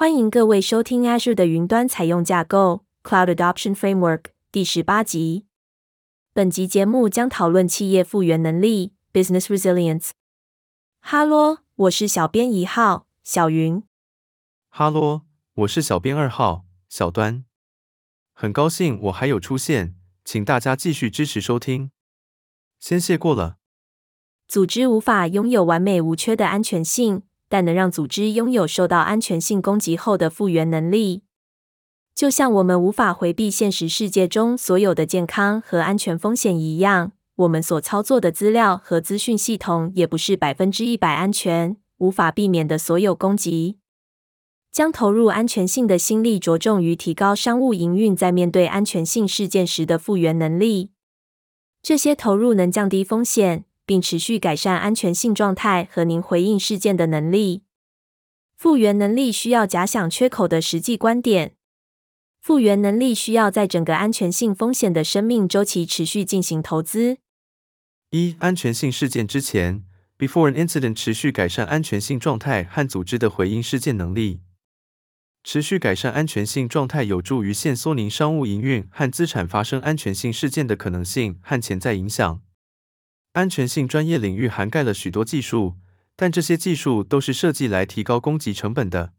歡迎各位收聽 Azure 的雲端採用架構 （Cloud Adoption Framework） 第十八集。本集節目將討論企業復原能力 （Business Resilience）。哈嘍，我是小編一號，小雲。哈嘍，我是小編二號，小端。很高興我還有出現，請大家繼續支持收聽。先謝過了。組織無法擁有完美無缺的安全性。但能讓組織擁有受到安全性攻擊後的復原能力，就像我們無法回避現實世界中所有的健康和安全風險一樣，我們所操作的資料和資訊系統也不是百分之一百安全，無法避免的所有攻擊。將投入安全性的心力着重於提高商務營運在面對安全性事件時的復原能力。這些投入能降低風險。並持續改善安全性狀態和您回應事件的能力。復原能力需要假想缺口的實際觀點。復原能力需要在整個安全性風險的生命周期持續進行投資。一安全性事件之前，before an incident，持續改善安全性狀態和組織的回應事件能力。持續改善安全性狀態有助於限縮您商務營運和資產發生安全性事件的可能性和潛在影響。安全性專業領域涵蓋了許多技術，但這些技術都是設計來提高攻擊成本的。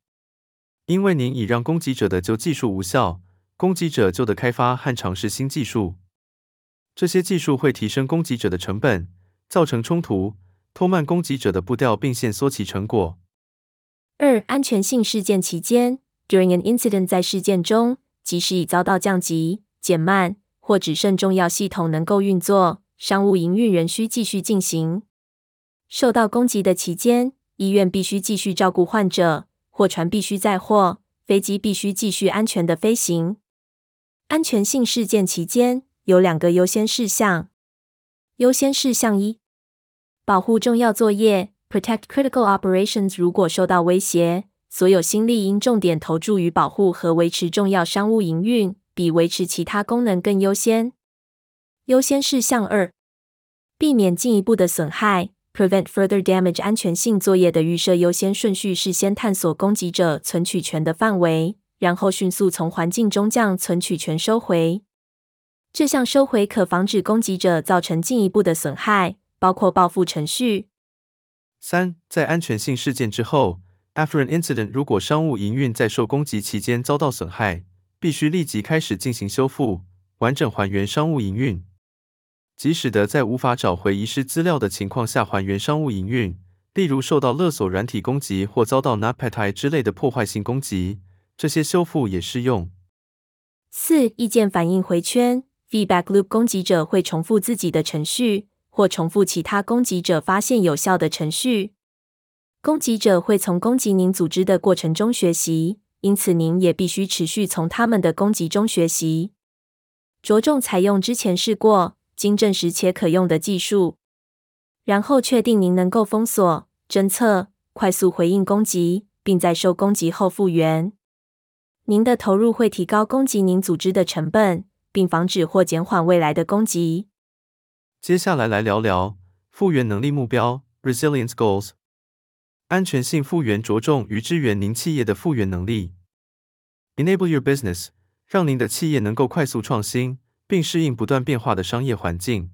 因為您已讓攻擊者的舊技術無效，攻擊者就得開發和嘗試新技術。這些技術會提升攻擊者的成本，造成衝突，拖慢攻擊者的步調，並限縮其成果。二安全性事件期間，during an incident，在事件中，即使已遭到降級、減慢或只剩重要系統能夠運作，商務營運仍需繼續進行。受到攻擊的期間，醫院必須繼續照顧患者，貨船必須載貨，飛機必須繼續安全的飛行。安全性事件期間，有兩個優先事項。優先事項一：保護重要作業 （Protect critical operations）。如果受到威脅，所有心力應重點投注於保護和維持重要商務營運，比維持其他功能更優先。優先事項二：避免進一步的損害，prevent further damage。安全性作業的預設優先順序是先探索攻擊者存取權的範圍，然後迅速從環境中將存取權收回。這項收回可防止攻擊者造成進一步的損害，包括報復程序。三，在安全性事件之後 （after an incident），如果商務營運在受攻擊期間遭到損害，必須立即開始進行修復，完整還原商務營運。即使得在無法找回遺失資料的情況下，還原商務營運，例如受到勒索軟體攻擊或遭到 NotPetya 之類的破壞性攻擊，這些修復也適用。四、意見反應回圈 （Feedback Loop） 攻擊者會重複自己的程序，或重複其他攻擊者發現有效的程序。攻擊者會從攻擊您組織的過程中學習，因此您也必須持續從他們的攻擊中學習。着重採用之前試過。經證實且可用的技術，然後確定您能夠封鎖、偵測、快速回應攻擊，並在受攻擊後復原。您的投入會提高攻擊您組織的成本，並防止或減緩未來的攻擊。接下來來聊聊復原能力目標 （Resilience Goals）。安全性復原着重於支援您企業的復原能力 （Enable your business），讓您的企業能夠快速創新。並適應不斷變化的商業環境，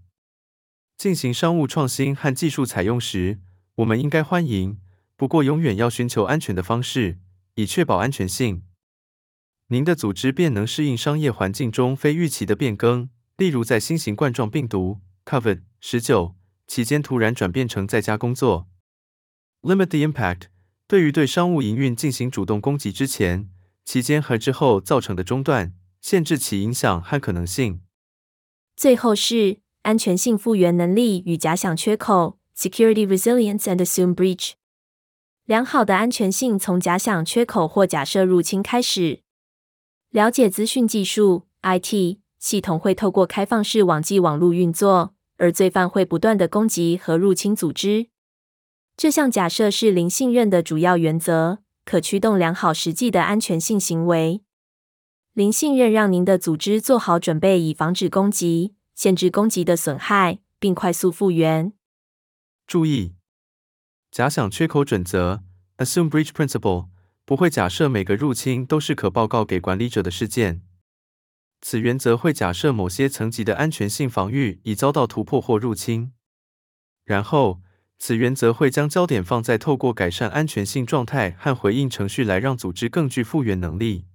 進行商務創新和技術採用時，我們應該歡迎。不過，永遠要尋求安全的方式，以確保安全性。您的組織便能適應商業環境中非預期的變更，例如在新型冠狀病毒 （COVID-19） 期間突然轉變成在家工作。Limit the impact。對於對商務營運進行主動攻擊之前、期間和之後造成的中斷，限制其影響和可能性。最後是安全性復原能力與假想缺口 （Security Resilience and Assume Breach）。良好的安全性從假想缺口或假設入侵開始。了解資訊技術 （IT） 系統會透過開放式網際網絡運作，而罪犯會不斷的攻擊和入侵組織。這項假設是零信任的主要原則，可驅動良好實際的安全性行為。零信任讓您的組織做好準備，以防止攻擊、限制攻擊的損害，並快速復原。注意，假想缺口準則 （Assume breach principle） 不會假設每個入侵都是可報告給管理者的事件。此原則會假設某些層級的安全性防御已遭到突破或入侵，然後此原則會將焦點放在透過改善安全性狀態和回應程序來讓組織更具復原能力。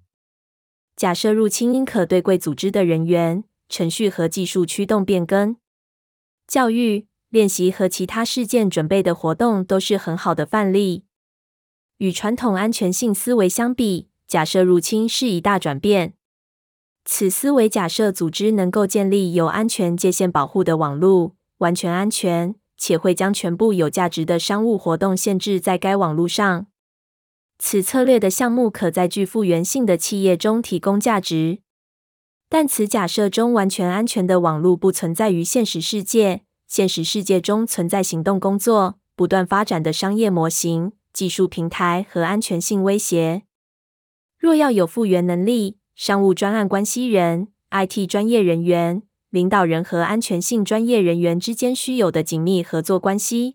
假設入侵應可對貴組織的人員、程序和技術驅動變更。教育、練習和其他事件準備的活動都是很好的範例。與傳統安全性思維相比，假設入侵是一大轉變。此思維假設組織能夠建立有安全界限保護的網絡，完全安全，且會將全部有價值的商務活動限制在該網絡上。此策略的項目可在具復原性的企業中提供價值，但此假設中完全安全的網絡不存在於現實世界。現實世界中存在行動、工作、不斷發展的商業模型、技術平台和安全性威脅。若要有復原能力，商務專案關係人、IT 專業人員、領導人和安全性專業人員之間需有的緊密合作關係。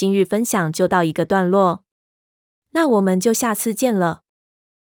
今日分享就到一個段落，那我們就下次見了。